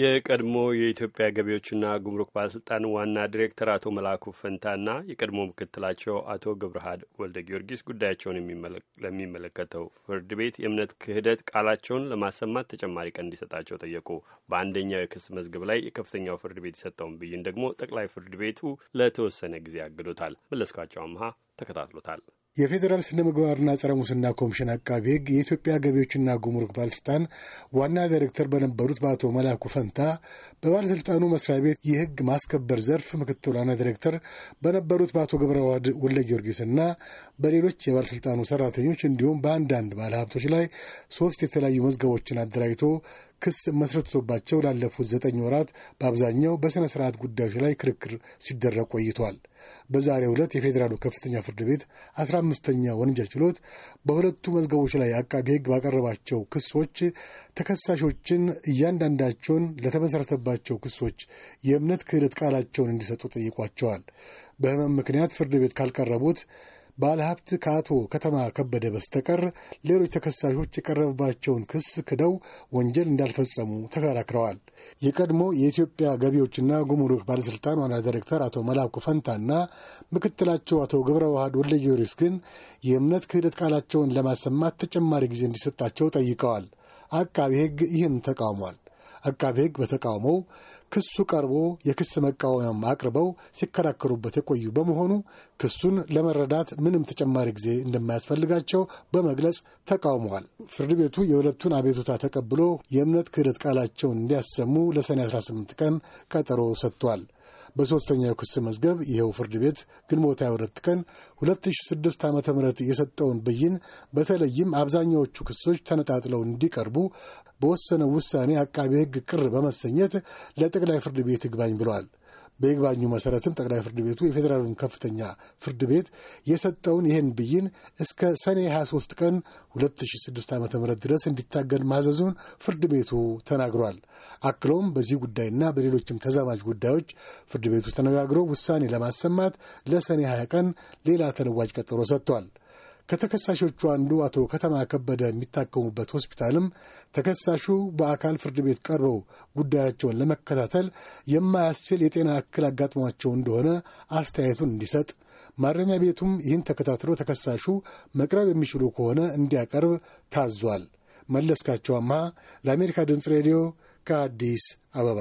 የቀድሞ የኢትዮጵያ ገቢዎችና ጉምሩክ ባለስልጣን ዋና ዲሬክተር አቶ መላኩ ፈንታና የቀድሞ ምክትላቸው አቶ ገብረሃድ ወልደ ጊዮርጊስ ጉዳያቸውን ለሚመለከተው ፍርድ ቤት የእምነት ክህደት ቃላቸውን ለማሰማት ተጨማሪ ቀን እንዲሰጣቸው ጠየቁ። በአንደኛው የክስ መዝገብ ላይ የከፍተኛው ፍርድ ቤት የሰጠውን ብይን ደግሞ ጠቅላይ ፍርድ ቤቱ ለተወሰነ ጊዜ አግዶታል። መለስካቸው አምሃ ተከታትሎታል። የፌዴራል ስነ ምግባርና ጸረ ሙስና ኮሚሽን አቃቢ ህግ የኢትዮጵያ ገቢዎችና ጉምሩክ ባለስልጣን ዋና ዳይሬክተር በነበሩት በአቶ መላኩ ፈንታ በባለስልጣኑ መስሪያ ቤት የህግ ማስከበር ዘርፍ ምክትል ዋና ዳይሬክተር በነበሩት በአቶ ገብረዋህድ ወልደ ጊዮርጊስና በሌሎች የባለስልጣኑ ሰራተኞች እንዲሁም በአንዳንድ ባለሀብቶች ላይ ሶስት የተለያዩ መዝገቦችን አደራጅቶ ክስ መስረትቶባቸው ላለፉት ዘጠኝ ወራት በአብዛኛው በሥነ ሥርዓት ጉዳዮች ላይ ክርክር ሲደረግ ቆይቷል። በዛሬ ዕለት የፌዴራሉ ከፍተኛ ፍርድ ቤት አስራ አምስተኛ ወንጀል ችሎት በሁለቱ መዝገቦች ላይ አቃቢ ሕግ ባቀረባቸው ክሶች ተከሳሾችን እያንዳንዳቸውን ለተመሠረተባቸው ክሶች የእምነት ክህደት ቃላቸውን እንዲሰጡ ጠይቋቸዋል። በህመም ምክንያት ፍርድ ቤት ካልቀረቡት ባለሀብት ከአቶ ከተማ ከበደ በስተቀር ሌሎች ተከሳሾች የቀረበባቸውን ክስ ክደው ወንጀል እንዳልፈጸሙ ተከራክረዋል። የቀድሞ የኢትዮጵያ ገቢዎችና ጉምሩክ ባለሥልጣን ዋና ዳይሬክተር አቶ መላኩ ፈንታና ምክትላቸው አቶ ግብረ ዋህድ ወልደ ጊዮርጊስ ግን የእምነት ክህደት ቃላቸውን ለማሰማት ተጨማሪ ጊዜ እንዲሰጣቸው ጠይቀዋል። አቃቢ ሕግ ይህን ተቃውሟል። አቃቤ ሕግ በተቃውሞው ክሱ ቀርቦ የክስ መቃወሚያም አቅርበው ሲከራከሩበት የቆዩ በመሆኑ ክሱን ለመረዳት ምንም ተጨማሪ ጊዜ እንደማያስፈልጋቸው በመግለጽ ተቃውመዋል። ፍርድ ቤቱ የሁለቱን አቤቱታ ተቀብሎ የእምነት ክህደት ቃላቸውን እንዲያሰሙ ለሰኔ 18 ቀን ቀጠሮ ሰጥቷል። በሦስተኛው ክስ መዝገብ ይኸው ፍርድ ቤት ግንቦት 22 ቀን 2006 ዓ ም የሰጠውን ብይን በተለይም አብዛኛዎቹ ክሶች ተነጣጥለው እንዲቀርቡ በወሰነው ውሳኔ አቃቤ ሕግ ቅር በመሰኘት ለጠቅላይ ፍርድ ቤት ይግባኝ ብሏል። በይግባኙ መሰረትም ጠቅላይ ፍርድ ቤቱ የፌዴራሉን ከፍተኛ ፍርድ ቤት የሰጠውን ይህን ብይን እስከ ሰኔ 23 ቀን 2006 ዓ ም ድረስ እንዲታገድ ማዘዙን ፍርድ ቤቱ ተናግሯል። አክሎም በዚህ ጉዳይና በሌሎችም ተዛማጅ ጉዳዮች ፍርድ ቤቱ ተነጋግሮ ውሳኔ ለማሰማት ለሰኔ 20 ቀን ሌላ ተለዋጭ ቀጠሮ ሰጥቷል። ከተከሳሾቹ አንዱ አቶ ከተማ ከበደ የሚታከሙበት ሆስፒታልም ተከሳሹ በአካል ፍርድ ቤት ቀርበው ጉዳያቸውን ለመከታተል የማያስችል የጤና እክል አጋጥሟቸው እንደሆነ አስተያየቱን እንዲሰጥ፣ ማረሚያ ቤቱም ይህን ተከታትሎ ተከሳሹ መቅረብ የሚችሉ ከሆነ እንዲያቀርብ ታዟል። መለስካቸው አማሃ ለአሜሪካ ድምፅ ሬዲዮ ከአዲስ አበባ